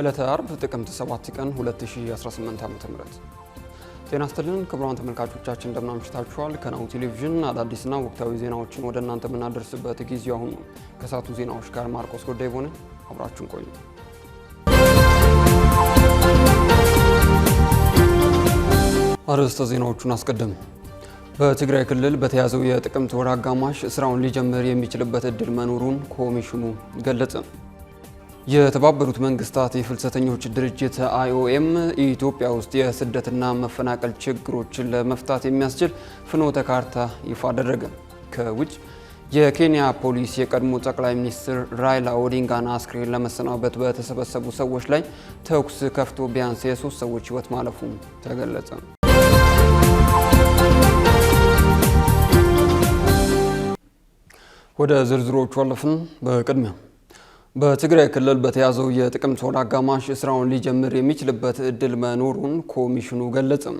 ዕለተ አርብ ጥቅምት 7 ቀን 2018 ዓ.ም። ጤና ይስጥልን ክቡራን ተመልካቾቻችን እንደምን አምሽታችኋል። ከናሁ ቴሌቪዥን አዳዲስና ወቅታዊ ዜናዎችን ወደ እናንተ የምናደርስበት ጊዜው አሁን ነው። ከሳቱ ዜናዎች ጋር ማርቆስ ጎዳይ ሆነ አብራችሁን ቆዩ። አርዕስተ ዜናዎቹን አስቀድም በትግራይ ክልል በተያዘው የጥቅምት ወር አጋማሽ ስራውን ሊጀምር የሚችልበት እድል መኖሩን ኮሚሽኑ ገለጸ። የተባበሩት መንግስታት የፍልሰተኞች ድርጅት አይኦኤም ኢትዮጵያ ውስጥ የስደትና መፈናቀል ችግሮችን ለመፍታት የሚያስችል ፍኖተ ካርታ ይፋ አደረገ። ከውጭ የኬንያ ፖሊስ የቀድሞ ጠቅላይ ሚኒስትር ራይላ ኦዲንጋን አስክሬን ለመሰናበት በተሰበሰቡ ሰዎች ላይ ተኩስ ከፍቶ ቢያንስ የሶስት ሰዎች ህይወት ማለፉ ተገለጸ። ወደ ዝርዝሮቹ አለፍን። በቅድሚያ በትግራይ ክልል በተያዘው የጥቅምት ወር አጋማሽ ስራውን ሊጀምር የሚችልበት እድል መኖሩን ኮሚሽኑ ገለጽም።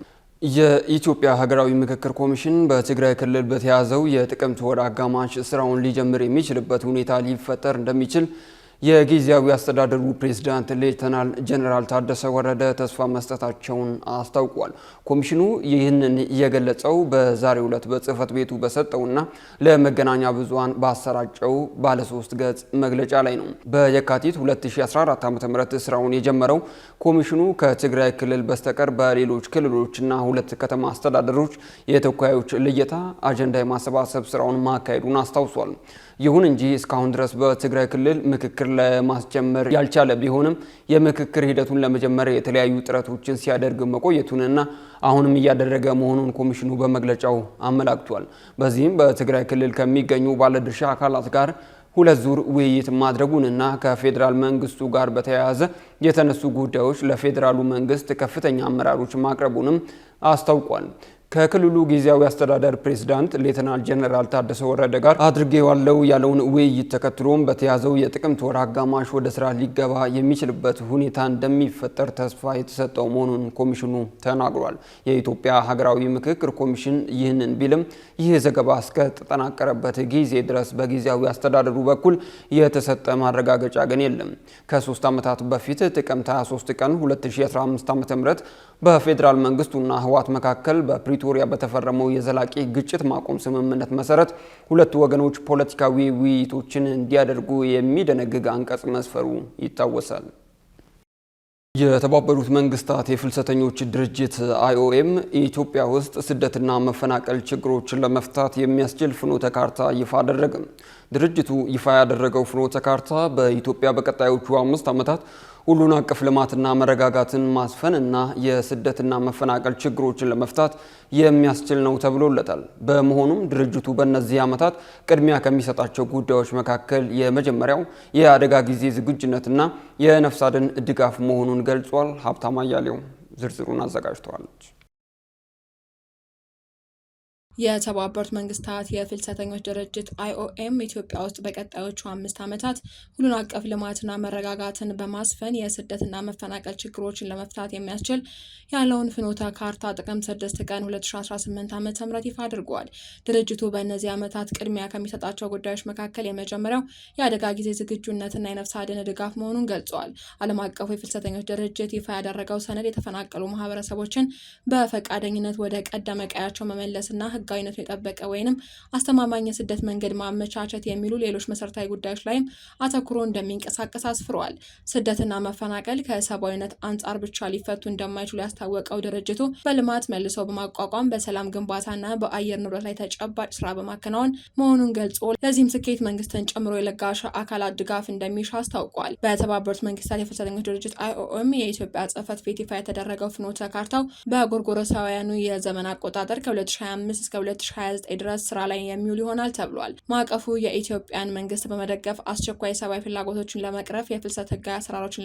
የኢትዮጵያ ሀገራዊ ምክክር ኮሚሽን በትግራይ ክልል በተያዘው የጥቅምት ወር አጋማሽ ስራውን ሊጀምር የሚችልበት ሁኔታ ሊፈጠር እንደሚችል የጊዜያዊ አስተዳደሩ ፕሬዝዳንት ሌተናል ጀኔራል ታደሰ ወረደ ተስፋ መስጠታቸውን አስታውቋል። ኮሚሽኑ ይህንን የገለጸው በዛሬው ዕለት በጽህፈት ቤቱ በሰጠውና ለመገናኛ ብዙሃን ባሰራጨው ባለሶስት ገጽ መግለጫ ላይ ነው። በየካቲት 2014 ዓ ም ስራውን የጀመረው ኮሚሽኑ ከትግራይ ክልል በስተቀር በሌሎች ክልሎችና ሁለት ከተማ አስተዳደሮች የተወካዮች ልየታ አጀንዳ የማሰባሰብ ስራውን ማካሄዱን አስታውሷል። ይሁን እንጂ እስካሁን ድረስ በትግራይ ክልል ምክክር ለማስጀመር ያልቻለ ቢሆንም የምክክር ሂደቱን ለመጀመር የተለያዩ ጥረቶችን ሲያደርግ መቆየቱንና አሁንም እያደረገ መሆኑን ኮሚሽኑ በመግለጫው አመላክቷል። በዚህም በትግራይ ክልል ከሚገኙ ባለድርሻ አካላት ጋር ሁለት ዙር ውይይት ማድረጉንና ከፌዴራል መንግስቱ ጋር በተያያዘ የተነሱ ጉዳዮች ለፌዴራሉ መንግስት ከፍተኛ አመራሮች ማቅረቡንም አስታውቋል። ከክልሉ ጊዜያዊ አስተዳደር ፕሬዝዳንት ሌተናል ጀነራል ታደሰ ወረደ ጋር አድርጌዋለሁ ያለውን ውይይት ተከትሎም በተያዘው የጥቅምት ወር አጋማሽ ወደ ስራ ሊገባ የሚችልበት ሁኔታ እንደሚፈጠር ተስፋ የተሰጠው መሆኑን ኮሚሽኑ ተናግሯል። የኢትዮጵያ ሀገራዊ ምክክር ኮሚሽን ይህንን ቢልም ይህ ዘገባ እስከተጠናቀረበት ጊዜ ድረስ በጊዜያዊ አስተዳደሩ በኩል የተሰጠ ማረጋገጫ ግን የለም። ከሶስት ዓመታት በፊት ጥቅምት 23 ቀን 2015 ዓ ም በፌዴራል መንግስቱና ህወሓት መካከል በፕሪቶሪያ በተፈረመው የዘላቂ ግጭት ማቆም ስምምነት መሰረት ሁለቱ ወገኖች ፖለቲካዊ ውይይቶችን እንዲያደርጉ የሚደነግግ አንቀጽ መስፈሩ ይታወሳል። የተባበሩት መንግስታት የፍልሰተኞች ድርጅት አይኦኤም ኢትዮጵያ ውስጥ ስደትና መፈናቀል ችግሮችን ለመፍታት የሚያስችል ፍኖተ ካርታ ይፋ አደረገ። ድርጅቱ ይፋ ያደረገው ፍኖተ ካርታ በኢትዮጵያ በቀጣዮቹ አምስት ዓመታት ሁሉን አቀፍ ልማትና መረጋጋትን ማስፈን እና የስደትና መፈናቀል ችግሮችን ለመፍታት የሚያስችል ነው ተብሎለታል። በመሆኑም ድርጅቱ በእነዚህ ዓመታት ቅድሚያ ከሚሰጣቸው ጉዳዮች መካከል የመጀመሪያው የአደጋ ጊዜ ዝግጁነትና የነፍስ አድን ድጋፍ መሆኑን ገልጿል። ሀብታም አያሌው ዝርዝሩን አዘጋጅተዋለች። የተባበሩት መንግስታት የፍልሰተኞች ድርጅት አይኦኤም ኢትዮጵያ ውስጥ በቀጣዮቹ አምስት ዓመታት ሁሉን አቀፍ ልማትና መረጋጋትን በማስፈን የስደትና መፈናቀል ችግሮችን ለመፍታት የሚያስችል ያለውን ፍኖተ ካርታ ጥቅምት 6 ቀን 2018 ዓ ም ይፋ አድርጓል። ድርጅቱ በእነዚህ ዓመታት ቅድሚያ ከሚሰጣቸው ጉዳዮች መካከል የመጀመሪያው የአደጋ ጊዜ ዝግጁነትና የነፍስ አድን ድጋፍ መሆኑን ገልጿል። ዓለም አቀፉ የፍልሰተኞች ድርጅት ይፋ ያደረገው ሰነድ የተፈናቀሉ ማህበረሰቦችን በፈቃደኝነት ወደ ቀደመ ቀያቸው መመለስና ህጋዊነቱን የጠበቀ ወይንም አስተማማኝ የስደት መንገድ ማመቻቸት የሚሉ ሌሎች መሰረታዊ ጉዳዮች ላይም አተኩሮ እንደሚንቀሳቀስ አስፍረዋል። ስደትና መፈናቀል ከሰብአዊነት አንጻር ብቻ ሊፈቱ እንደማይችሉ ያስታወቀው ድርጅቱ በልማት መልሶ በማቋቋም በሰላም ግንባታና በአየር ንብረት ላይ ተጨባጭ ስራ በማከናወን መሆኑን ገልጾ ለዚህም ስኬት መንግስትን ጨምሮ የለጋሽ አካላት ድጋፍ እንደሚሻ አስታውቋል። በተባበሩት መንግስታት የፍልሰተኞች ድርጅት አይኦኤም የኢትዮጵያ ጽህፈት ቤት ይፋ የተደረገው ፍኖተ ካርታው በጎርጎረሳውያኑ የዘመን አቆጣጠር ከ2025 እስከ 2029 ድረስ ስራ ላይ የሚውል ይሆናል ተብሏል። ማዕቀፉ የኢትዮጵያን መንግስት በመደገፍ አስቸኳይ ሰብአዊ ፍላጎቶችን ለመቅረፍ የፍልሰት ህጋዊ አሰራሮችን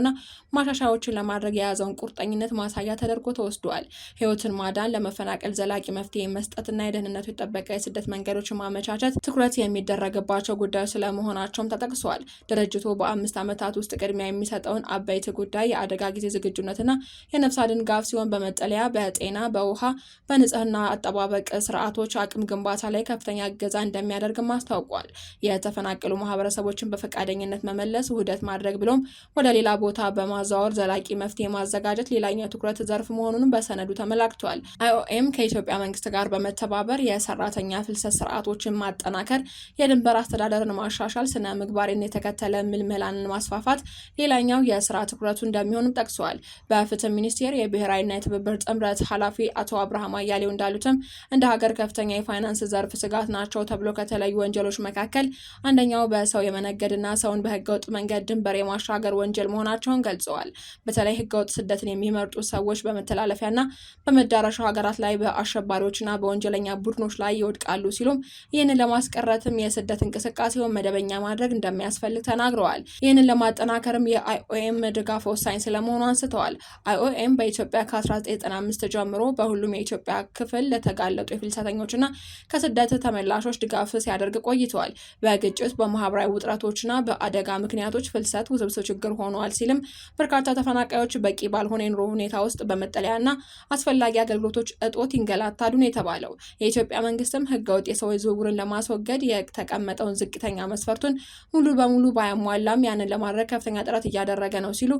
እና ማሻሻያዎችን ለማድረግ የያዘውን ቁርጠኝነት ማሳያ ተደርጎ ተወስዷል። ህይወትን ማዳን፣ ለመፈናቀል ዘላቂ መፍትሄ መስጠትና የደህንነቱ የጠበቀ የስደት መንገዶችን ማመቻቸት ትኩረት የሚደረግባቸው ጉዳዮች ስለመሆናቸውም ተጠቅሷል። ድርጅቱ በአምስት ዓመታት ውስጥ ቅድሚያ የሚሰጠውን አበይት ጉዳይ የአደጋ ጊዜ ዝግጁነትና የነፍስ አድን ጋፍ ሲሆን በመጠለያ፣ በጤና፣ በውሃ፣ በንጽህና አጠባበ በቅ ስርዓቶች አቅም ግንባታ ላይ ከፍተኛ እገዛ እንደሚያደርግም አስታውቋል። የተፈናቀሉ ማህበረሰቦችን በፈቃደኝነት መመለስ፣ ውህደት ማድረግ ብሎም ወደ ሌላ ቦታ በማዛወር ዘላቂ መፍትሄ ማዘጋጀት ሌላኛው ትኩረት ዘርፍ መሆኑንም በሰነዱ ተመላክቷል። አይኦኤም ከኢትዮጵያ መንግስት ጋር በመተባበር የሰራተኛ ፍልሰት ስርዓቶችን ማጠናከር፣ የድንበር አስተዳደርን ማሻሻል፣ ስነ ምግባርን የተከተለ ምልመላንን ማስፋፋት ሌላኛው የስራ ትኩረቱ እንደሚሆንም ጠቅሰዋል። በፍትህ ሚኒስቴር የብሔራዊና የትብብር ጥምረት ኃላፊ አቶ አብርሃም አያሌው እንዳሉትም እንደ ሀገር ከፍተኛ የፋይናንስ ዘርፍ ስጋት ናቸው ተብሎ ከተለዩ ወንጀሎች መካከል አንደኛው በሰው የመነገድና ሰውን በህገወጥ መንገድ ድንበር የማሻገር ወንጀል መሆናቸውን ገልጸዋል። በተለይ ህገወጥ ስደትን የሚመርጡ ሰዎች በመተላለፊያና በመዳረሻ ሀገራት ላይ በአሸባሪዎችና በወንጀለኛ ቡድኖች ላይ ይወድቃሉ ሲሉም ይህንን ለማስቀረትም የስደት እንቅስቃሴውን መደበኛ ማድረግ እንደሚያስፈልግ ተናግረዋል። ይህንን ለማጠናከርም የአይኦኤም ድጋፍ ወሳኝ ስለመሆኑ አንስተዋል። አይኦኤም በኢትዮጵያ ከ1995 ጀምሮ በሁሉም የኢትዮጵያ ክፍል ለተጋ ለተጋለጡ የፍልሰተኞችና ከስደት ተመላሾች ድጋፍ ሲያደርግ ቆይተዋል። በግጭት በማህበራዊ ውጥረቶችና በአደጋ ምክንያቶች ፍልሰት ውስብስብ ችግር ሆኗል ሲልም በርካታ ተፈናቃዮች በቂ ባልሆነ የኑሮ ሁኔታ ውስጥ በመጠለያና አስፈላጊ አገልግሎቶች እጦት ይንገላታሉ ነው የተባለው። የኢትዮጵያ መንግስትም ህገወጥ የሰዎች ዝውውርን ለማስወገድ የተቀመጠውን ዝቅተኛ መስፈርቱን ሙሉ በሙሉ ባያሟላም ያንን ለማድረግ ከፍተኛ ጥረት እያደረገ ነው ሲሉ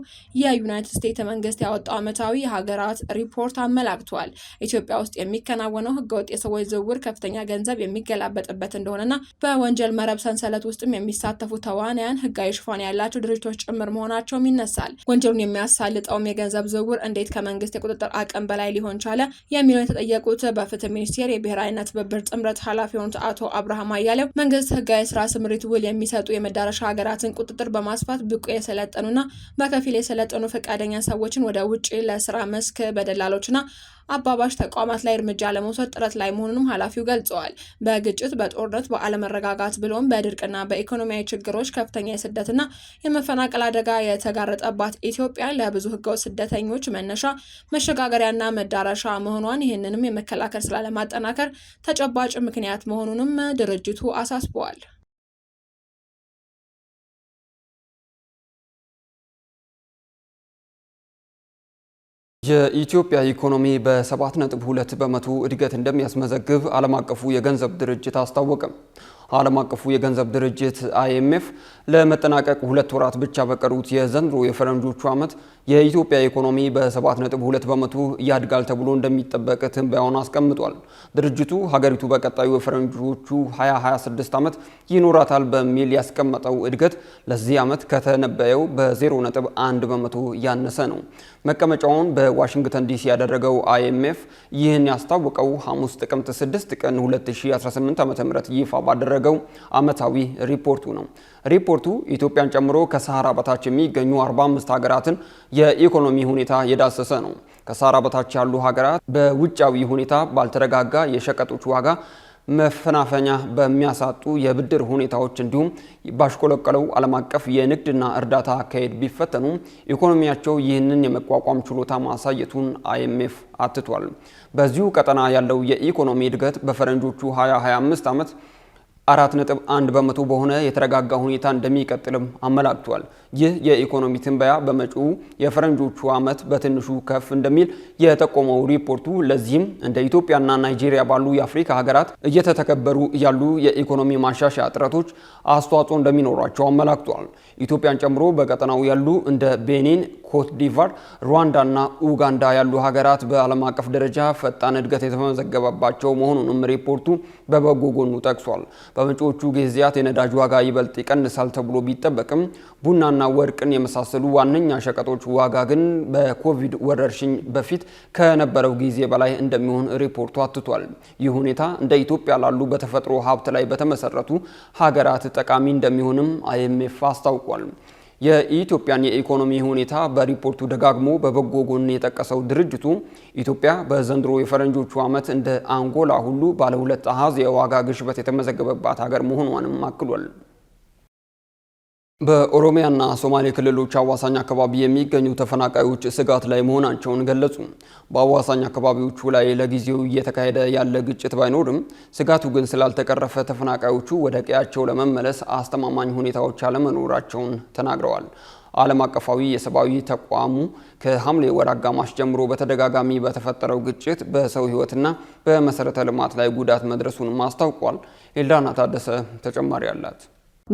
የዩናይትድ ስቴትስ መንግስት ያወጣው ዓመታዊ የሀገራት ሪፖርት አመላክቷል። ኢትዮጵያ ውስጥ የሚከናወነው ህገወጥ የሰዎች ዝውውር ከፍተኛ ገንዘብ የሚገላበጥበት እንደሆነና በወንጀል መረብ ሰንሰለት ውስጥም የሚሳተፉ ተዋናያን ህጋዊ ሽፋን ያላቸው ድርጅቶች ጭምር መሆናቸውም ይነሳል። ወንጀሉን የሚያሳልጠውም የገንዘብ ዝውውር እንዴት ከመንግስት የቁጥጥር አቅም በላይ ሊሆን ቻለ የሚለው የተጠየቁት በፍትህ ሚኒስቴር የብሔራዊነት ትብብር ጥምረት ኃላፊ የሆኑት አቶ አብርሃም አያሌው መንግስት ህጋዊ ስራ ስምሪት ውል የሚሰጡ የመዳረሻ ሀገራትን ቁጥጥር በማስፋት ብቁ የሰለጠኑና በከፊል የሰለጠኑ ፈቃደኛ ሰዎችን ወደ ውጭ ለስራ መስክ በደላሎችና አባባሽ ተቋማት ላይ እርምጃ ለመውሰድ ጥረት ላይ መሆኑንም ኃላፊው ገልጸዋል። በግጭት በጦርነት፣ በአለመረጋጋት ብሎም በድርቅና በኢኮኖሚያዊ ችግሮች ከፍተኛ የስደትና የመፈናቀል አደጋ የተጋረጠባት ኢትዮጵያ ለብዙ ህገወጥ ስደተኞች መነሻ መሸጋገሪያና መዳረሻ መሆኗን ይህንንም የመከላከል ስራ ለማጠናከር ተጨባጭ ምክንያት መሆኑንም ድርጅቱ አሳስበዋል። የኢትዮጵያ ኢኮኖሚ በ7.2 በመቶ እድገት እንደሚያስመዘግብ ዓለም አቀፉ የገንዘብ ድርጅት አስታወቀ። ዓለም አቀፉ የገንዘብ ድርጅት አይኤምኤፍ ለመጠናቀቅ ሁለት ወራት ብቻ በቀሩት የዘንድሮ የፈረንጆቹ ዓመት የኢትዮጵያ ኢኮኖሚ በ7.2 በመቶ ያድጋል ተብሎ እንደሚጠበቅ ትንበያውን አስቀምጧል። ድርጅቱ ሀገሪቱ በቀጣዩ የፈረንጆቹ 2026 ዓመት ይኖራታል በሚል ያስቀመጠው እድገት ለዚህ ዓመት ከተነበየው በ0.1 በመቶ ያነሰ ነው። መቀመጫውን በዋሽንግተን ዲሲ ያደረገው አይኤምኤፍ ይህን ያስታወቀው ሐሙስ ጥቅምት 6 ቀን 2018 ዓ.ም ይፋ ባደረገ ያደረገው ዓመታዊ ሪፖርቱ ነው። ሪፖርቱ ኢትዮጵያን ጨምሮ ከሰሃራ በታች የሚገኙ 45 ሀገራትን የኢኮኖሚ ሁኔታ የዳሰሰ ነው። ከሰሃራ በታች ያሉ ሀገራት በውጫዊ ሁኔታ ባልተረጋጋ የሸቀጦች ዋጋ መፈናፈኛ በሚያሳጡ የብድር ሁኔታዎች እንዲሁም ባሽቆለቀለው ዓለም አቀፍ የንግድና እርዳታ አካሄድ ቢፈተኑ ኢኮኖሚያቸው ይህንን የመቋቋም ችሎታ ማሳየቱን አይኤምኤፍ አትቷል። በዚሁ ቀጠና ያለው የኢኮኖሚ እድገት በፈረንጆቹ 2025 ዓመት አራት አንድ በመቶ በሆነ የተረጋጋ ሁኔታ እንደሚቀጥልም አመላክቷል። ይህ የኢኮኖሚ ትንበያ በመጪው የፈረንጆቹ ዓመት በትንሹ ከፍ እንደሚል የጠቆመው ሪፖርቱ ለዚህም እንደ ኢትዮጵያና ናይጄሪያ ባሉ የአፍሪካ ሀገራት እየተተከበሩ ያሉ የኢኮኖሚ ማሻሻያ ጥረቶች አስተዋጽኦ እንደሚኖራቸው አመላክቷል። ኢትዮጵያን ጨምሮ በቀጠናው ያሉ እንደ ቤኒን፣ ኮት ዲቫር፣ ሩዋንዳና ኡጋንዳ ያሉ ሀገራት በዓለም አቀፍ ደረጃ ፈጣን እድገት የተመዘገበባቸው መሆኑንም ሪፖርቱ በበጎ ጎኑ ጠቅሷል። በመጪዎቹ ጊዜያት የነዳጅ ዋጋ ይበልጥ ይቀንሳል ተብሎ ቢጠበቅም ቡና ቡናና ወርቅን የመሳሰሉ ዋነኛ ሸቀጦች ዋጋ ግን በኮቪድ ወረርሽኝ በፊት ከነበረው ጊዜ በላይ እንደሚሆን ሪፖርቱ አትቷል። ይህ ሁኔታ እንደ ኢትዮጵያ ላሉ በተፈጥሮ ሀብት ላይ በተመሰረቱ ሀገራት ጠቃሚ እንደሚሆንም አይኤምኤፍ አስታውቋል። የኢትዮጵያን የኢኮኖሚ ሁኔታ በሪፖርቱ ደጋግሞ በበጎ ጎን የጠቀሰው ድርጅቱ ኢትዮጵያ በዘንድሮ የፈረንጆቹ ዓመት እንደ አንጎላ ሁሉ ባለሁለት አሀዝ አሃዝ የዋጋ ግሽበት የተመዘገበባት ሀገር መሆኗንም አክሏል። በኦሮሚያና ሶማሌ ክልሎች አዋሳኝ አካባቢ የሚገኙ ተፈናቃዮች ስጋት ላይ መሆናቸውን ገለጹ። በአዋሳኝ አካባቢዎቹ ላይ ለጊዜው እየተካሄደ ያለ ግጭት ባይኖርም ስጋቱ ግን ስላልተቀረፈ ተፈናቃዮቹ ወደ ቀያቸው ለመመለስ አስተማማኝ ሁኔታዎች አለመኖራቸውን ተናግረዋል። ዓለም አቀፋዊ የሰብአዊ ተቋሙ ከሐምሌ ወር አጋማሽ ጀምሮ በተደጋጋሚ በተፈጠረው ግጭት በሰው ሕይወትና በመሰረተ ልማት ላይ ጉዳት መድረሱን ማስታውቋል። ኤልዳና ታደሰ ተጨማሪ አላት።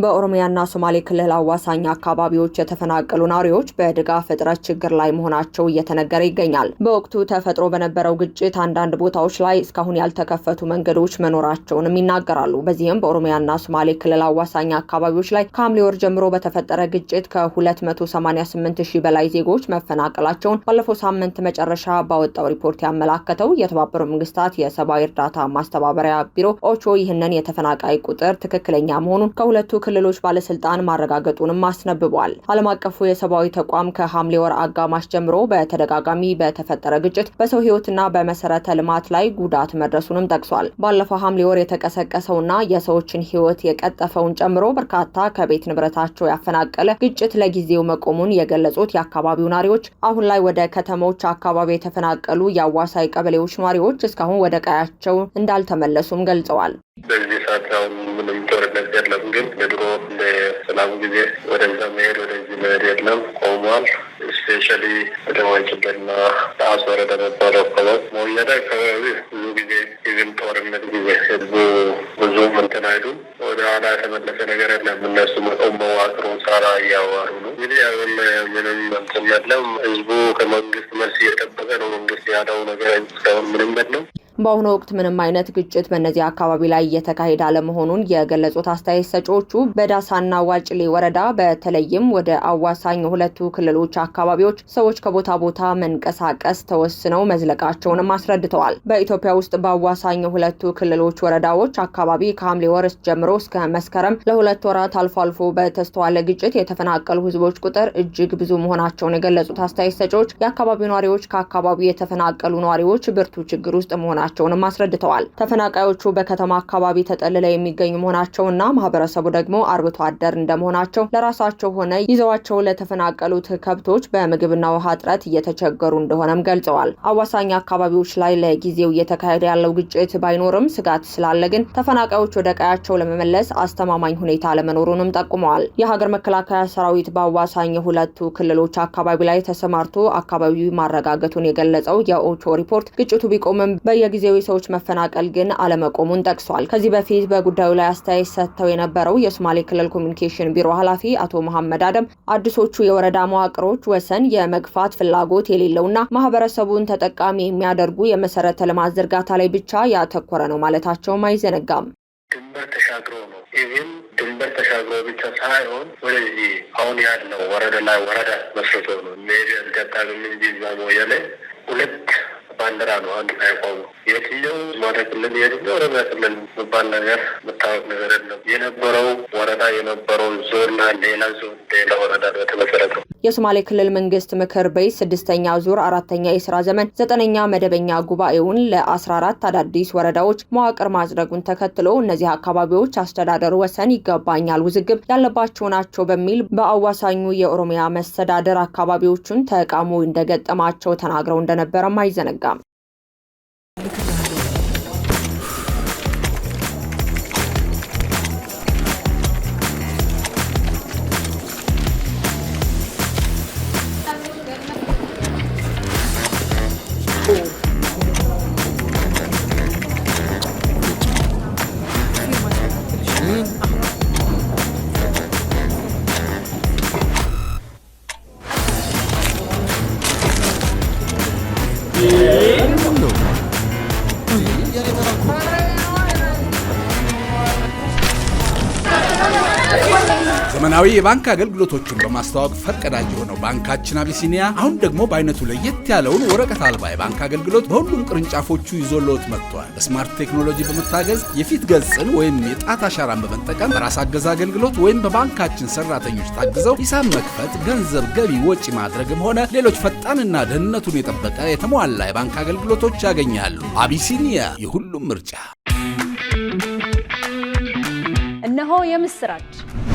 በኦሮሚያና ሶማሌ ክልል አዋሳኝ አካባቢዎች የተፈናቀሉ ነዋሪዎች በድጋፍ እጥረት ችግር ላይ መሆናቸው እየተነገረ ይገኛል። በወቅቱ ተፈጥሮ በነበረው ግጭት አንዳንድ ቦታዎች ላይ እስካሁን ያልተከፈቱ መንገዶች መኖራቸውንም ይናገራሉ። በዚህም በኦሮሚያና ሶማሌ ክልል አዋሳኝ አካባቢዎች ላይ ከሐምሌ ወር ጀምሮ በተፈጠረ ግጭት ከ288 ሺህ በላይ ዜጎች መፈናቀላቸውን ባለፈው ሳምንት መጨረሻ ባወጣው ሪፖርት ያመላከተው የተባበሩት መንግስታት የሰብአዊ እርዳታ ማስተባበሪያ ቢሮ ኦቾ ይህንን የተፈናቃይ ቁጥር ትክክለኛ መሆኑን ከሁለቱ ክልሎች ባለስልጣን ማረጋገጡንም አስነብቧል። ዓለም አቀፉ የሰብአዊ ተቋም ከሐምሌ ወር አጋማሽ ጀምሮ በተደጋጋሚ በተፈጠረ ግጭት በሰው ህይወትና በመሰረተ ልማት ላይ ጉዳት መድረሱንም ጠቅሷል። ባለፈው ሐምሌ ወር የተቀሰቀሰውና የሰዎችን ህይወት የቀጠፈውን ጨምሮ በርካታ ከቤት ንብረታቸው ያፈናቀለ ግጭት ለጊዜው መቆሙን የገለጹት የአካባቢው ነዋሪዎች አሁን ላይ ወደ ከተሞች አካባቢ የተፈናቀሉ የአዋሳይ ቀበሌዎች ነዋሪዎች እስካሁን ወደ ቀያቸው እንዳልተመለሱም ገልጸዋል። በዚህ ሰዓት አሁን ምንም ጦርነት የለም፣ ግን ድሮ እንደ ሰላሙ ጊዜ ወደዛ መሄድ ወደዚህ መሄድ የለም ቆሟል። ስፔሻሊ ወደ ዋጭበና ጣስ ወረዳ መባለ አካባቢ ሞያዳ አካባቢ ብዙ ጊዜ ይዝም ጦርነት ጊዜ ህዝቡ ብዙ እንትን አይሉም። ወደ ኋላ የተመለሰ ነገር የለም። እነሱ መቆም መዋቅሮ ሳራ እያዋሩ ነው። እንግዲህ አሁን ምንም እንትን የለም። ህዝቡ ከመንግስት መልስ እየጠበቀ ነው። መንግስት ያለው ነገር እስካሁን ምንም የለም። በአሁኑ ወቅት ምንም አይነት ግጭት በእነዚህ አካባቢ ላይ እየተካሄደ አለመሆኑን የገለጹት አስተያየት ሰጪዎቹ በዳሳና ዋጭሌ ወረዳ በተለይም ወደ አዋሳኝ ሁለቱ ክልሎች አካባቢዎች ሰዎች ከቦታ ቦታ መንቀሳቀስ ተወስነው መዝለቃቸውንም አስረድተዋል። በኢትዮጵያ ውስጥ በአዋሳኝ ሁለቱ ክልሎች ወረዳዎች አካባቢ ከሐምሌ ወርስ ጀምሮ እስከ መስከረም ለሁለት ወራት አልፎ አልፎ በተስተዋለ ግጭት የተፈናቀሉ ህዝቦች ቁጥር እጅግ ብዙ መሆናቸውን የገለጹት አስተያየት ሰጪዎች የአካባቢው ነዋሪዎች ከአካባቢው የተፈናቀሉ ነዋሪዎች ብርቱ ችግር ውስጥ መሆናቸውንም አስረድተዋል። ተፈናቃዮቹ በከተማ አካባቢ ተጠልለው የሚገኙ መሆናቸውና ማህበረሰቡ ደግሞ ደግሞ አርብቶ አደር እንደመሆናቸው ለራሳቸው ሆነ ይዘዋቸው ለተፈናቀሉት ከብቶች በምግብና ውሃ እጥረት እየተቸገሩ እንደሆነም ገልጸዋል። አዋሳኝ አካባቢዎች ላይ ለጊዜው እየተካሄደ ያለው ግጭት ባይኖርም ስጋት ስላለ ግን ተፈናቃዮች ወደ ቀያቸው ለመመለስ አስተማማኝ ሁኔታ አለመኖሩንም ጠቁመዋል። የሀገር መከላከያ ሰራዊት በአዋሳኝ የሁለቱ ክልሎች አካባቢ ላይ ተሰማርቶ አካባቢው ማረጋገቱን የገለጸው የኦቾ ሪፖርት ግጭቱ ቢቆምም በየጊዜው የሰዎች መፈናቀል ግን አለመቆሙን ጠቅሷል። ከዚህ በፊት በጉዳዩ ላይ አስተያየት ሰጥተው የነበረው የሶማሌ ክልል ኮሚኒኬሽን ቢሮ ኃላፊ አቶ መሐመድ አደም አዲሶቹ የወረዳ መዋቅሮች ወሰን የመግፋት ፍላጎት የሌለውና ማህበረሰቡን ተጠቃሚ የሚያደርጉ የመሰረተ ልማት ዝርጋታ ላይ ብቻ ያተኮረ ነው ማለታቸውም አይዘነጋም። ድንበር ተሻግሮ ነው ይህም ድንበር ተሻግሮ ብቻ ሳይሆን ወደዚህ አሁን ያለው ወረዳ ላይ ወረዳ መስርቶ ነው ሜዲያ አጋጣሚ እንጂ ዛሞ ሁለት ባንዲራ ነው አንድ ላይ ቆሙ። የትኛው ማደ ክልል የትኛው ኦሮሚያ ክልል የሚባል ነገር የምታወቅ ነገር የለም። የነበረው ወረዳ የነበረው ዞን ሌላ ዞን ሌላ ወረዳ ነው የተመሰረተው። የሶማሌ ክልል መንግስት ምክር ቤት ስድስተኛ ዙር አራተኛ የስራ ዘመን ዘጠነኛ መደበኛ ጉባኤውን ለ14 አዳዲስ ወረዳዎች መዋቅር ማጽደጉን ተከትሎ እነዚህ አካባቢዎች አስተዳደር ወሰን ይገባኛል ውዝግብ ያለባቸው ናቸው በሚል በአዋሳኙ የኦሮሚያ መስተዳደር አካባቢዎቹን ተቃውሞ እንደገጠማቸው ተናግረው እንደነበረም አይዘነጋም። ዘመናዊ የባንክ አገልግሎቶችን በማስተዋወቅ ፈቀዳጅ የሆነው ባንካችን አቢሲኒያ አሁን ደግሞ በአይነቱ ለየት ያለውን ወረቀት አልባ የባንክ አገልግሎት በሁሉም ቅርንጫፎቹ ይዞልዎት መጥቷል። በስማርት ቴክኖሎጂ በመታገዝ የፊት ገጽን ወይም የጣት አሻራን በመጠቀም በራስ አገዝ አገልግሎት ወይም በባንካችን ሰራተኞች ታግዘው ሂሳብ መክፈት፣ ገንዘብ ገቢ ወጪ ማድረግም ሆነ ሌሎች ፈጣንና ደህንነቱን የጠበቀ የተሟላ የባንክ አገልግሎቶች ያገኛሉ። አቢሲኒያ የሁሉም ምርጫ። እነሆ የምስራች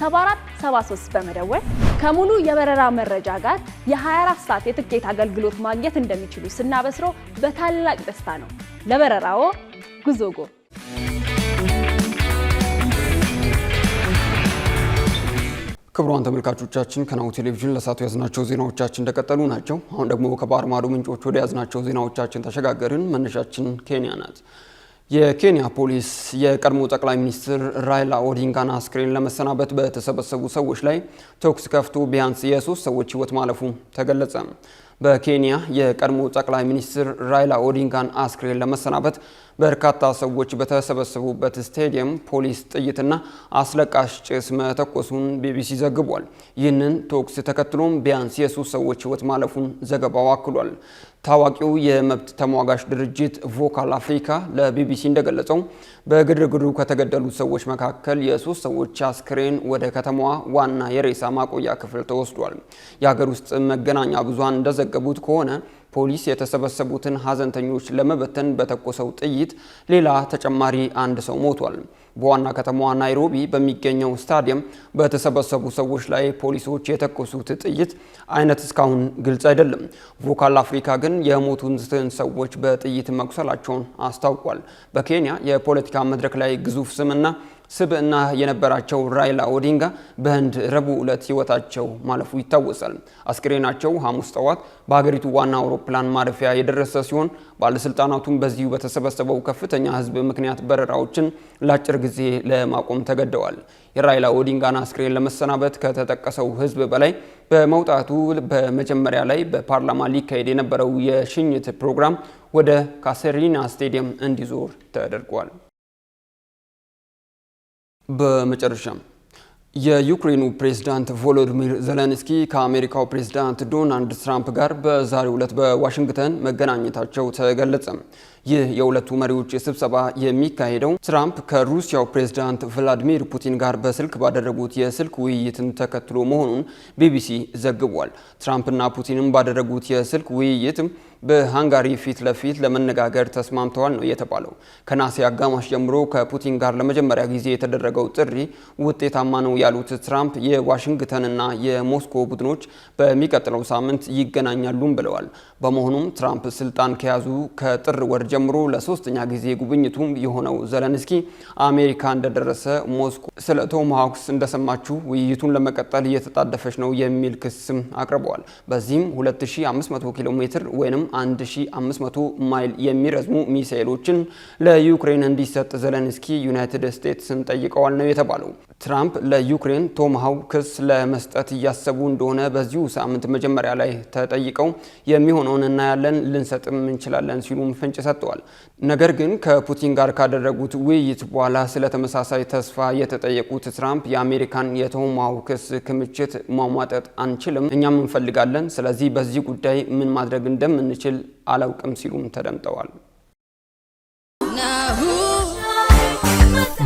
7473 በመደወል ከሙሉ የበረራ መረጃ ጋር የ24 ሰዓት የትኬት አገልግሎት ማግኘት እንደሚችሉ ስናበስሮ በታላቅ ደስታ ነው። ለበረራዎ ጉዞጎ ክቡራን ተመልካቾቻችን ከናሁ ቴሌቪዥን ለሳቱ ያዝናቸው ዜናዎቻችን እንደቀጠሉ ናቸው። አሁን ደግሞ ከባህር ማዶ ምንጮች ወደ ያዝናቸው ዜናዎቻችን ተሸጋገርን። መነሻችን ኬንያ ናት። የኬንያ ፖሊስ የቀድሞ ጠቅላይ ሚኒስትር ራይላ ኦዲንጋን አስክሬን ለመሰናበት በተሰበሰቡ ሰዎች ላይ ተኩስ ከፍቶ ቢያንስ የሶስት ሰዎች ህይወት ማለፉ ተገለጸ። በኬንያ የቀድሞ ጠቅላይ ሚኒስትር ራይላ ኦዲንጋን አስክሬን ለመሰናበት በርካታ ሰዎች በተሰበሰቡበት ስቴዲየም ፖሊስ ጥይትና አስለቃሽ ጭስ መተኮሱን ቢቢሲ ዘግቧል። ይህንን ተኩስ ተከትሎም ቢያንስ የሶስት ሰዎች ህይወት ማለፉን ዘገባው አክሏል። ታዋቂው የመብት ተሟጋች ድርጅት ቮካል አፍሪካ ለቢቢሲ እንደገለጸው በግርግሩ ከተገደሉት ሰዎች መካከል የሶስት ሰዎች አስክሬን ወደ ከተማዋ ዋና የሬሳ ማቆያ ክፍል ተወስዷል። የሀገር ውስጥ መገናኛ ብዙሃን እንደዘገቡት ከሆነ ፖሊስ የተሰበሰቡትን ሀዘንተኞች ለመበተን በተኮሰው ጥይት ሌላ ተጨማሪ አንድ ሰው ሞቷል። በዋና ከተማዋ ናይሮቢ በሚገኘው ስታዲየም በተሰበሰቡ ሰዎች ላይ ፖሊሶች የተኮሱት ጥይት አይነት እስካሁን ግልጽ አይደለም። ቮካል አፍሪካ ግን የሞቱትን ሰዎች በጥይት መቁሰላቸውን አስታውቋል። በኬንያ የፖለቲካ መድረክ ላይ ግዙፍ ስምና ስብዕና የነበራቸው ራይላ ኦዲንጋ በህንድ ረቡዕ ዕለት ህይወታቸው ማለፉ ይታወሳል። አስክሬናቸው ሐሙስ ጠዋት በሀገሪቱ ዋና አውሮፕላን ማረፊያ የደረሰ ሲሆን ባለስልጣናቱም በዚሁ በተሰበሰበው ከፍተኛ ህዝብ ምክንያት በረራዎችን ለአጭር ጊዜ ለማቆም ተገደዋል። የራይላ ኦዲንጋን አስክሬን ለመሰናበት ከተጠቀሰው ህዝብ በላይ በመውጣቱ በመጀመሪያ ላይ በፓርላማ ሊካሄድ የነበረው የሽኝት ፕሮግራም ወደ ካሴሪና ስቴዲየም እንዲዞር ተደርጓል። በመጨረሻም የዩክሬኑ ፕሬዝዳንት ቮሎዲሚር ዘለንስኪ ከአሜሪካው ፕሬዝዳንት ዶናልድ ትራምፕ ጋር በዛሬው ዕለት በዋሽንግተን መገናኘታቸው ተገለጸ። ይህ የሁለቱ መሪዎች ስብሰባ የሚካሄደው ትራምፕ ከሩሲያው ፕሬዝዳንት ቭላዲሚር ፑቲን ጋር በስልክ ባደረጉት የስልክ ውይይትን ተከትሎ መሆኑን ቢቢሲ ዘግቧል። ትራምፕና ፑቲንም ባደረጉት የስልክ ውይይት በሃንጋሪ ፊት ለፊት ለመነጋገር ተስማምተዋል ነው የተባለው። ከነሐሴ አጋማሽ ጀምሮ ከፑቲን ጋር ለመጀመሪያ ጊዜ የተደረገው ጥሪ ውጤታማ ነው ያሉት ትራምፕ የዋሽንግተንና የሞስኮ ቡድኖች በሚቀጥለው ሳምንት ይገናኛሉም ብለዋል። በመሆኑም ትራምፕ ስልጣን ከያዙ ከጥር ወር ጀምሮ ለሶስተኛ ጊዜ ጉብኝቱም የሆነው ዘለንስኪ አሜሪካ እንደደረሰ ሞስኮ ስለ ቶማሃውክስ እንደሰማችሁ ውይይቱን ለመቀጠል እየተጣደፈች ነው የሚል ክስም አቅርበዋል። በዚህም 2500 ኪሎ ሜትር ወይም 1500 ማይል የሚረዝሙ ሚሳኤሎችን ለዩክሬን እንዲሰጥ ዘለንስኪ ዩናይትድ ስቴትስን ጠይቀዋል ነው የተባለው። ትራምፕ ለዩክሬን ቶማሃውክስ ለመስጠት እያሰቡ እንደሆነ በዚሁ ሳምንት መጀመሪያ ላይ ተጠይቀው የሚሆነው የሆነውን እናያለን፣ ልንሰጥም እንችላለን ሲሉም ፍንጭ ሰጥተዋል። ነገር ግን ከፑቲን ጋር ካደረጉት ውይይት በኋላ ስለ ተመሳሳይ ተስፋ የተጠየቁት ትራምፕ የአሜሪካን የቶማሆክስ ክምችት ማሟጠጥ አንችልም፣ እኛም እንፈልጋለን። ስለዚህ በዚህ ጉዳይ ምን ማድረግ እንደምንችል አላውቅም ሲሉም ተደምጠዋል።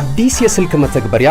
አዲስ የስልክ መተግበሪያ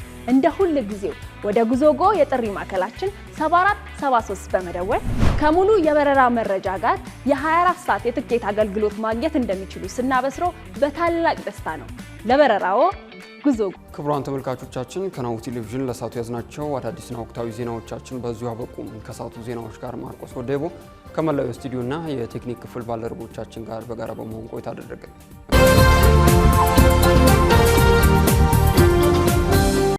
እንደ ሁል ጊዜው ወደ ጉዞጎ የጥሪ ማዕከላችን 7473 በመደወል ከሙሉ የበረራ መረጃ ጋር የ24 ሰዓት የትኬት አገልግሎት ማግኘት እንደሚችሉ ስናበስሮ በታላቅ ደስታ ነው። ለበረራዎ ጉዞጎ። ክቡራን ተመልካቾቻችን ከናሁ ቴሌቪዥን ለሳቱ ያዝናቸው አዳዲስና ወቅታዊ ዜናዎቻችን በዚሁ አበቁም። ከሳቱ ዜናዎች ጋር ማርቆስ ወደቦ ከመላው ስቱዲዮና የቴክኒክ ክፍል ባልደረቦቻችን ጋር በጋራ በመሆን ቆይታ አደረገ።